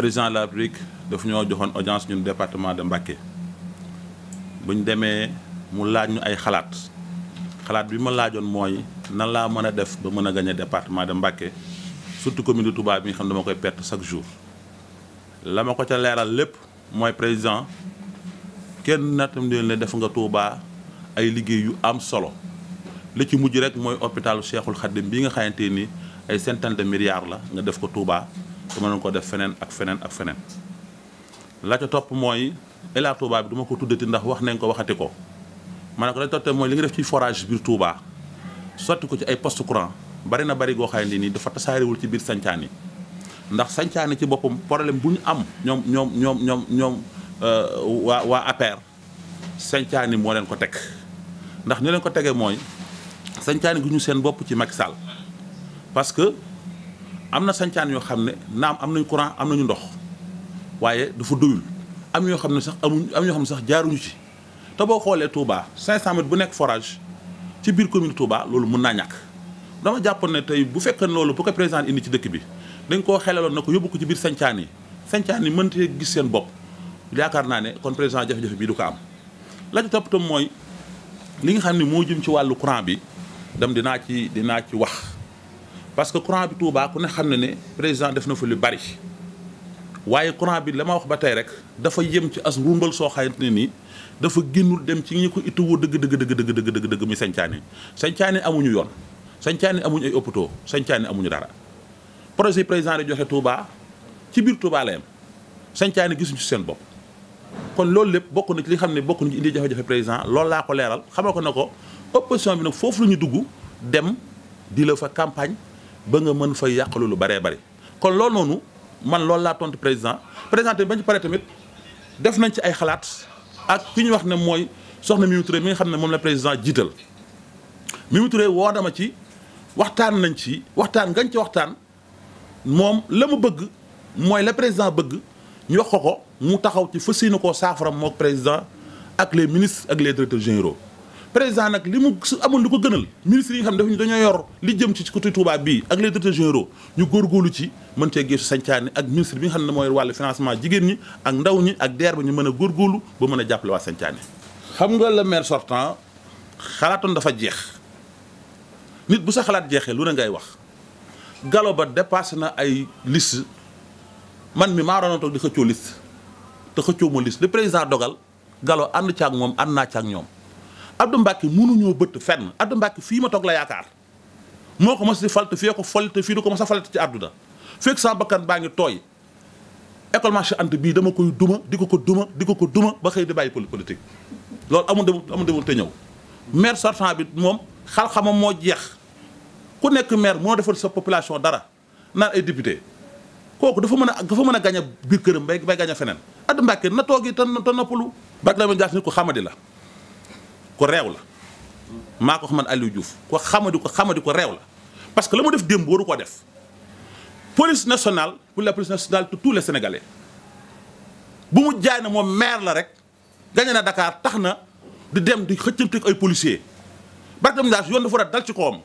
président de la République daf ñoo joxoon audience ñun département de Mbacké bu demee mu laaj ñu ay xalaat xalaat bi ma laajoon mooy nan laa mën a def ba mën a gagné département de Mbacké surtout commune de Touba bi nga xam dama koy perte chaque jour lama ko ca leeral lépp mooy président kenn natam leen ne def nga Touba ay liggéey yu am solo li ci mujj rek mooy hôpitalu Cheikhul Khadim bi nga xamante ni ay centaine de milliards la nga def ko Touba te mënoon ko def feneen ak feneen ak feneen la ca topp mooy Ila Touba bi duma ko tuddati ndax wax nañ ko waxati ko ma ne ko la ca topp mooy li nga def ci forage biir Touba sotti ko ci ay poste courant bari na bari goo xam ne nii dafa tasaarewul ci biir sancaan ndax sancaan ci boppam problème bu ñu am ñoom ñoom ñoom ñoom ñoom euh, waa waa APR sancaan moo leen ko teg ndax ni leen ko tegee mooy sancaani yi gu ñu seen bopp ci Macky Sall parce am na sancaan yoo xam ne naam am nañ courant am nañu ndox waaye dafa doyul am ñoo xam ne sax amuñ am ñoo xam ne sax jaaruñu ci te boo xoolee Touba 500 mètres bu nekk forage ci biir commune Touba loolu mun naa ñàkk dama jàpp ne tey bu fekkee loolu bu ko président indi ci dëkk bi dañ koo xelaloon na ko yóbbu ko ci biir sancaan yi sancaan yi mënte gis seen bopp yaakaar naa ne kon président jafe-jafe bii du ko am la ci topp tam mooy li nga xam ne moo jëm ci wàllu courant bi dem dinaa ci dinaa ci wax parce que courant bi Touba ku ne xam na ne président def na fa lu bari waaye courant bi la ma wax ba tey rek dafa yem ci as rumbal soo xamante ne nii dafa génnul dem ci ñi ko itoo dëgg dëgg dëgg dëgg dëgg dëgg dëgg muy sañcaane sañcaane amuñu yoon sañcaane amuñu ay hôpitaux sañcaane amuñu dara projet président di joxe Touba ci biir Touba la yem sañcaane gisuñu ci seen bopp. kon loolu lépp bokk na ci li xam ne bokk na ci indi jafe-jafe président loolu laa ko leeral xamal ko ne ko opposition bi nag foofu la ñu dugg dem di fa campagne. ba nga mën fay yàqalu lu baree bari kon loolu noonu man loolu laa tontu président président tamit ba ñu pare tamit def nañ ci ay xalaat ak ki ñu wax ne mooy soxna Mimi mi nga xam ne moom la président jiital Mimi Touré woo dama ci waxtaan nañ ci waxtaan ngañ ci waxtaan moom la mu bëgg mooy la président bëgg ñu wax ko ko mu taxaw ci fas yéene koo saafara mook président ak les ministres ak les directeurs généraux. président nag li mu su amul lu ko gënal ministre yi nga xam ne dañoo yor li jëm ci ci côté Touba bii ak les directeurs généraux ñu góor góorgóorlu ci mën cee geesu sancaani ak ministre bi nga xam ne mooy wàllu financement jigéen ñi ak ndaw ñi ak deer ba ñu mën a góorgóorlu ba mën a jàppale waa sancaani xam nga le maire sortant xalaatoon dafa jeex nit bu sa xalaat jeexee lu ne ngay wax galo ba dépassé na ay liste man mi maa doon toog di xëccoo liste te xëccoo ma dogal galo ànd caag moom ànd naa ñoom Abdou Mbacke mënuñoo bëtt fenn Abdou Mbacke fii ma toog la yaakaar moo ko ma di falte fee ko falte fii du ko mas sa falte ci àdduna fekk sa bakkan baa ngi tooy école marché ant bii dama koy duma di ko ko duma di ko ko duma ba xëy di bàyyi politique loolu amul demul amul demul te ñëw maire sortant bi moom xal-xamam moo jeex ku nekk maire moo defal sa population dara naan ay député kooku dafa mën a dafa mën a gañ a biir këram bay bay gañ a feneen Abdou Mbacke na toogee te te noppalu bak la ma jaas xamadi la ko réew la maa ko xaman Aliou Diouf ko xamadi ko xamadi ko réew la parce que la mu def démb waru ko def police nationale pour la police nationale de tous les sénégalais bu mu jaay na moom meer la rek gagné na dakaar tax na di dem di xëccanteeg ay policiers barkam daal yoon dafa war a dal ci kawam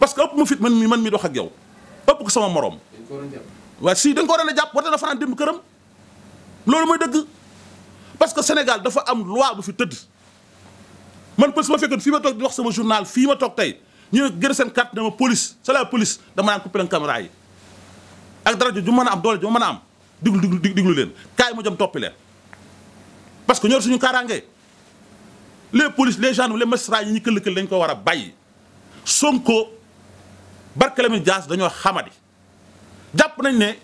parce que ëpp mu fit man mi man mi dox ak yow ëpp ko sama morom. waaw si dañ ko waroon a jàpp war na fanaan démb këram loolu mooy dëgg parce que Sénégal dafa am loi bu fi tëdd. man su ma fekkee fii ma toog di wax sama journal fii ma toog tey ñu ne gën seen carte dama police c'est la police dama naan coupé leen caméra yi ak dara ju mën a am doole ju mën a am diglu diglu diglu leen kaay ma jëm toppi leen parce que ñor suñu kaaraange les polices les gendarmes les magistrats yi ñu këll-këll dañ ko war a bàyyi Sonko Barthélémy Dias dañoo xamadi jàpp nañ ne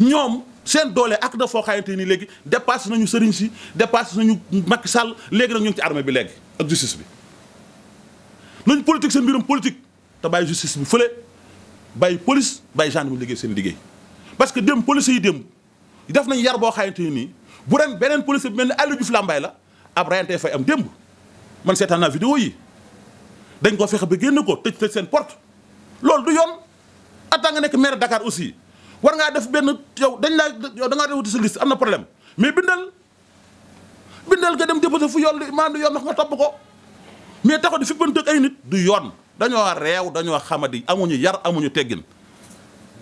ñoom seen doole ak na foo xamante ni léegi dépassé nañu sëriñ si dépassé nañu Macky Sall léegi nag ñu ngi ci armée bi léegi ak justice bi nañ politique seen mbiram politique te bàyyi justice bi fële bàyyi police bàyyi mu liggéey seen liggéey parce que démb police yi démb def nañ yar boo xamante nii bu ren beneen police bi mel ni Aliou Diouf Lambaye la ab rayante fay am démb man seetaan naa vidéo yi dañ ko fexe ba génn ko tëj tëj seen porte loolu du yoon ataa nga nekk maire Dakar aussi war ngaa def benn yow dañ laa yow da ngaa def wuti sa liste am na problème mais bindal bindal nga dem déposé fu yoon li maam di yoon wax nga topp ko mais taxaw di fippanteeg ay nit du yoon dañoo reew dañoo xamadi amuñu yar amuñu teggin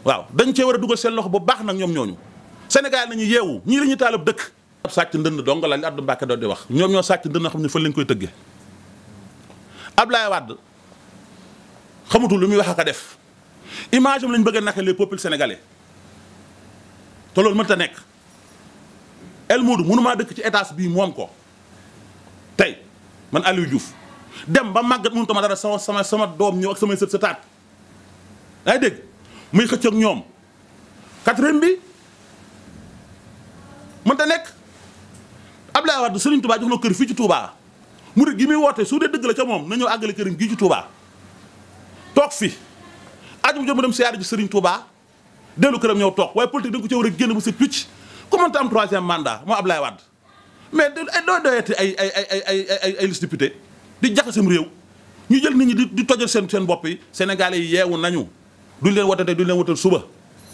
waaw dañ cee war a dugal seen loxo bu baax nag ñoom ñooñu Sénégal nañu yeewu ñii la ñuy taalab dëkk. ab sàcc ndënd dong la li Abdou Mbacke doon di wax ñoom ñoo sàcc ndënd xam ne fan lañ koy tëggee Ablaye Wade xamutul lu muy wax def image lañ bëgg a naka les peuples te loolu mënta nekk El Moodu mënumaa dëkk ci etaas bii moom ko tey man Aliou Diouf dem ba màggat mënu tama dara sama sama doom ñëw ak samay sët sa taat yaa dégg muy xëcc ñoom quatrième bi mënta nekk Abdoulaye Wade Serigne Touba jox na kër fii ci Touba murid gi muy woote su dee dëgg la ca moom na ñëw àggale këram gii ci Touba toog fi aju mu jëm dem siyaare ji Serigne Touba dellu këram ñëw toog waaye politique da nga ko ci war a génn bu set wicc ku mënta am troisième mandat moo Ablaye Wade mais doo doyati ay ay ay ay ay ay liste di jaxasam réew ñu jël nit ñi di di tojal seen seen bopp yi sénégalais yeewu nañu duñ leen wote tey duñ leen wotal suba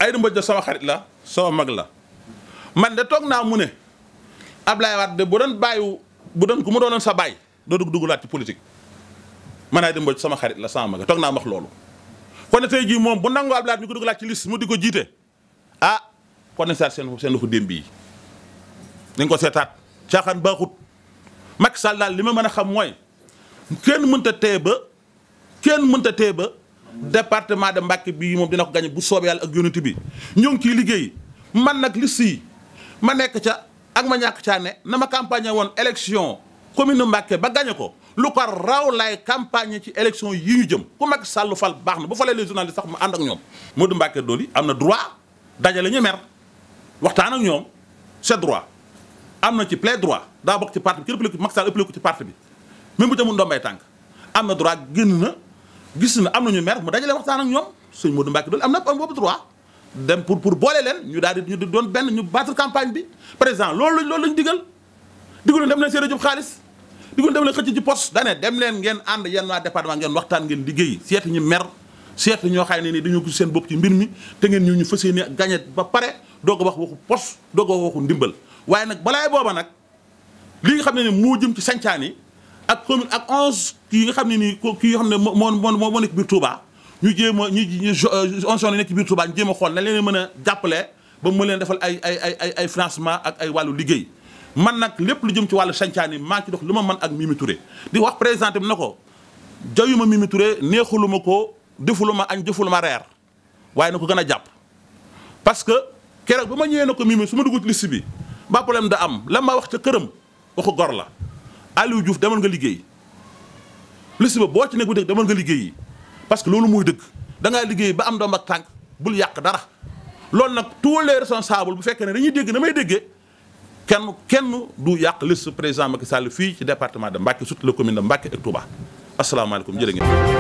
ay da mbëj sama xarit la sama mag la man de toog naa mu ne Ablaye Wade de bu doon bàyyiwu bu doon ku mu doonoon sa baay doo dugg duggalaat ci politique man ay da mbëj sama xarit la sama mag la toog naa wax loolu kon tey jii moom bu nangoo Abdoulaye mi ko dugalaat ci liste mu di ko jiite ah kon ne seet seen seen loxo démb yi dañ ko seetaat caaxaan baaxut Macky Sall daal li ma mën a xam mooy kenn mënta tee ba kenn mënta tee ba département de Mbacké bii moom dina ko gañe bu soobee yàlla ak unité bi ñoo ngi ciy liggéey man nag liste yi ma nekk ca ak ma ñàkk caa ne na ma campagne woon élection commune Mbacké ba gañe ko lu ko raw lay campagne ci élection yi ñu jëm ku mag Sall fal baax na bu falee les journalistes sax mu ànd ak ñoom Modou Mbacké Dolly am na droit dajale ñu mer waxtaan ak ñoom c'est droit am na ci plein droit daa bokk ci parti bi ki ëppale ko Macky ko ci parti bi même bu jamul ndombay tànk am na droit génn na gis na am nañu mer mu dajale waxtaan ak ñoom sëñ Modou Mbacké Dolly am na am boobu droit dem pour pour boole leen ñu daal di ñu doon benn ñu battre campagne bi président loolu loolu lañ digal digal dem nañ seen rajo xaalis di ko dem leen xëcc ci poste dane dem leen ngeen ànd yenn waa département ngeen waxtaan ngeen liggéey seet ñu mer seet ñoo xam ne nii dañoo gis seen bopp ci mbir mi te ngeen ñëw ñu fas yéene gagné ba pare doog a wax waxu poste doog a waxu ndimbal waaye booba nag li nga xam ne ni moo jëm ci sancaan yi ak commune ak onze kii nga xam ne nii kii nga xam ne moo moo moo nekk biir Touba ñu jéem a ñu euh, onze zone yi nekk biir Touba ñu jéem a xool na leen mën a jàppale ba mu leen defal ay ay ay ay financement ak ay wàllu liggéey man nag lépp lu jëm ci wàllu sancaani maa ci dox lu ma man ak Mimi di wax présenté bi na ko jayuma Mimi Touré neexuluma ko defuluma añ ma reer waaye na ko gën a jàpp parce que keroog ba ma ñëwee na ko Mimi su ma dugg ci liste bi ba problème da am lan maa wax ca këram waxu gor la Aliou Diouf demal nga liggéey liste ba boo ci nekk bu dëgg demal nga liggéey parce que loolu muy dëkk da ngaa liggéey ba am doom ak tànk bul yàq dara loolu nag tous les responsables bu fekkee ne dañuy dégg na may déggee kenn kenn du yàq liste président Macky Sall fii ci département de Mbacké sut la commune de Mbacké ak Touba asalaamaaleykum jërë ngeen